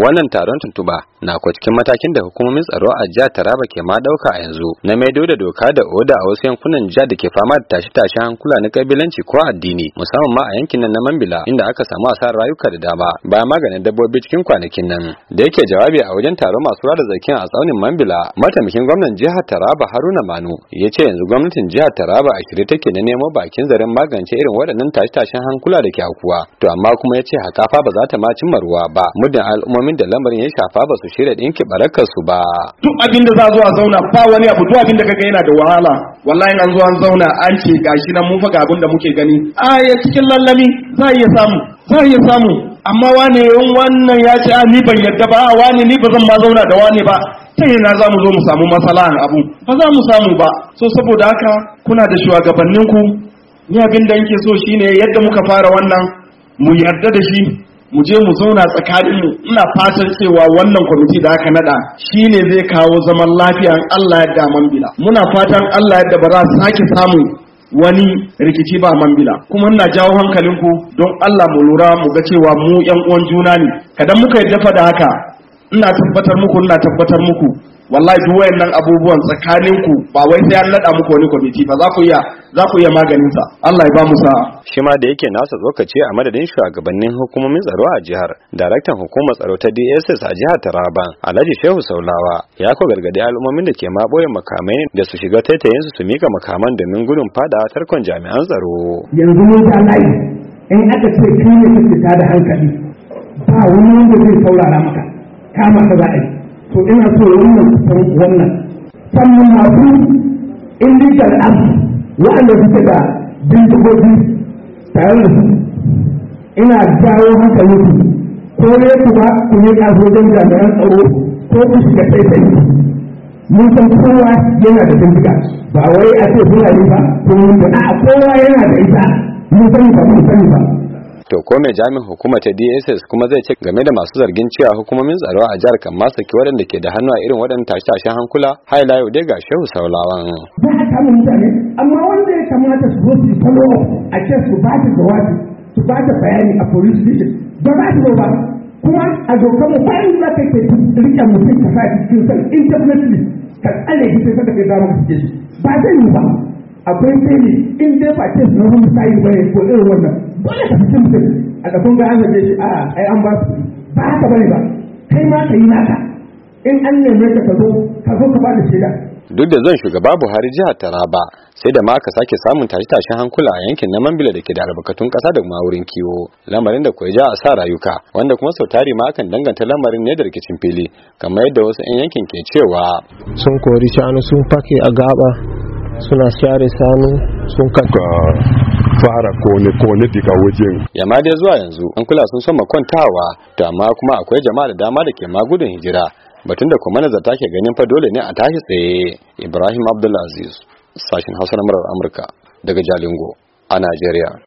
wannan taron tuntuba na kwa cikin matakin da hukumomin tsaro a jihar Taraba ke ma dauka a yanzu na maido da doka da oda a wasu yankunan jihar da ke fama da tashi-tashi hankula na kabilanci ko addini musamman ma a yankin nan na Mambila inda aka samu asarar rayuka da dama ba maganin dabbobi cikin kwanakin nan da yake jawabi a wajen taron masu rada zakin a tsaunin Mambila mataimakin gwamnan jihar Taraba Haruna Manu ya ce yanzu gwamnatin jihar Taraba a shirye take na nemo bakin zaren magance irin waɗannan tashi-tashin hankula da ke akuwa to amma kuma ya ce hakafa ba za ta ma cimma ruwa ba muddin al'umma al'ummomin da lamarin ya shafa ba su shirya ɗinki barakar su ba duk abin da za zo a zauna ba wani abu duk abin da kaga yana da wahala wallahi an zo an zauna an ce gashi nan mun faga abin da muke gani a ya cikin lallami za iya samu za iya samu amma wani yan wannan ya ce a ni ban yarda ba wani ni ba zan ma zauna da wani ba ta na za mu zo mu samu masalahan abu ba za mu samu ba so saboda haka kuna da shugabanninku ni abin da yake so shine yadda muka fara wannan mu yarda da shi mu je mu zauna tsakanin mu ina fatan cewa wannan kwamiti da aka nada shine zai kawo zaman lafiya Allah ya da man bila muna fatan Allah ya da ba za su sake samun wani rikici ba man bila kuma ina jawo hankalinku don Allah mu lura mu ga cewa mu yan uwan juna ne kadan muka yadda fa da haka ina tabbatar muku ina tabbatar muku wallahi duk wayannan abubuwan tsakaninku ba wai sai an nada muku wani kwamiti ba za ku iya za ku iya maganinsa Allah ya ba mu sa'a shi ma da yake nasa tsokaci a madadin shugabannin hukumomin tsaro a jihar daraktan hukumar tsaro ta DSS a jihar Taraba Alhaji Shehu Saulawa ya ko gargadi al'ummomin da ke ma boye makamai da su shiga tattayin su su mika makaman domin gudun fada tarkon jami'an tsaro yanzu mun ta layi in aka ce kine ne fita da hankali ba wani wanda zai saurara maka kama ka za a yi to ina so wannan kusan wannan sannan masu illegal abu waɗanda suke da bindigogi tare da su ina jawo hankali ku ko ne ku ba ku ne kafofin jami'an tsaro ko ku shiga kai mun san kowa yana da bindiga ba wai a ce fulani ba ko mun da a kowa yana da ita mun san ba mun sani ba to ko mai jami'in hukumar ta DSS kuma zai ce game da masu zargin cewa hukumomin tsaro a jihar kan masu ki waɗanda ke da hannu a irin waɗannan tashi tashen hankula hai layo dai ga shehu saulawan mutane amma wanda ya kamata su zo su follow a ce su ba ta jawabi su ba ta bayani a police station ba ba ta ba kuma a dokar mu ba in za ka ke rike mutum ka sa cikin sa indefinitely ka tsale shi sai ka ga dama ka ce ba zai yi ba akwai sai in dai ba ce na wani yi bayan ko irin wannan dole ka mutum a ga an a ai an ba ba haka bane ba kai ma ka yi in an neme ka ka zo ka zo ka ba da duk da zan shugaba Buhari jihar Taraba sai da ma aka sake samun tashe-tashen hankula a yankin na Mambila da ke da albarkatun ƙasa da kuma wurin kiwo lamarin da kuwa ja a sa rayuka wanda kuma sau tari ma akan danganta lamarin ne da rikicin fili kamar yadda wasu 'yan yankin ke cewa sun kori shanu sun fake a gaba suna share shanu sun kaka fara kone-kone daga wajen. Yamma dai zuwa yanzu an kula sun sama kwantawa to amma kuma akwai jama'a da dama da ke magudun hijira batun da kuma ta ke ganin fa dole ne a tashi tsaye Ibrahim Abdulaziz sashen Hausa na murar Amurka daga Jalingo a Najeriya.